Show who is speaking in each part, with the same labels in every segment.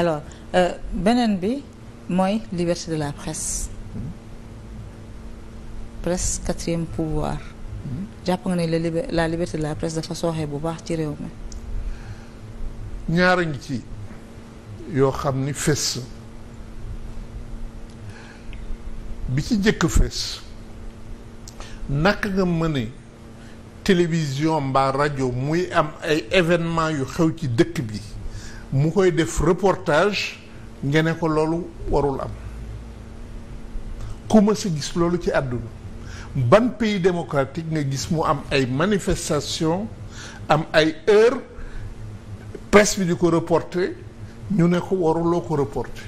Speaker 1: alors euh, beneen bi mooy liberté de la presse presse quatrième pouvoir jàpp nga ne la la liberté de la presse dafa sooxee bu baax ci réew mi
Speaker 2: ñaara ngi ci yoo xam ni fes bi ci jëkk fes naka nga mëne télévision mbaa rajo muy am ay événement yu xew ci dëkk bi mu koy def reportage nga ko loolu warul am ku ma sa gis loolu ci àdduna ban pays démocratique nga gis mu am ay manifestation am ay heure presse bi di ko reporter ñu ne ko waruloo ko reporter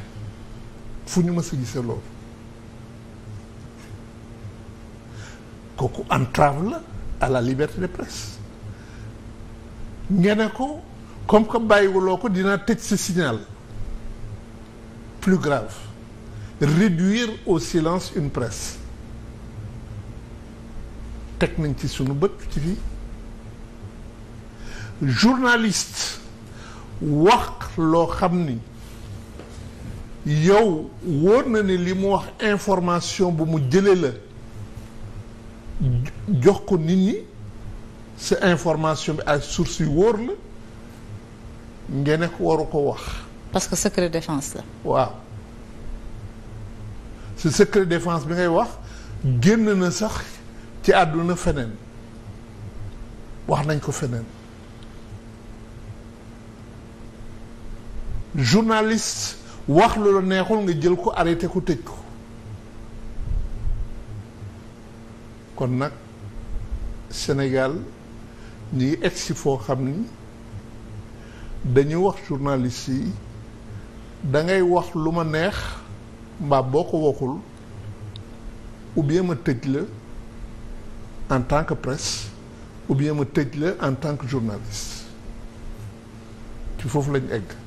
Speaker 2: fu ñu ma sa loolu kooku entrave la à la liberté de presse nga ko comme que bàyyiwuloo ko dinaa tëj sa signal plus grave réduire au silence une presse teg nañ ci sunu bët ci fii journaliste wax loo xam ni yow wóor na ni li mu wax information bu mu jëlee la jox ko nit ñi sa information bi ay sources wóor la ngeen ko waru ko wax. parce que secret défense la. waaw si secret défense bi ngay wax génn na sax ci àdduna feneen wax nañ ko feneen journaliste wax lu la neexul nga jël ko arrêté ko tëj ko kon nag Sénégal ñu ngi egsi foo xam ni. dañuy wax journaliste yi da ngay wax lu ma neex mbaa boo ko waxul ou bien ma tëj la en tant que presse ou bien ma tëj la en tant que journaliste ci foofu lañ egg.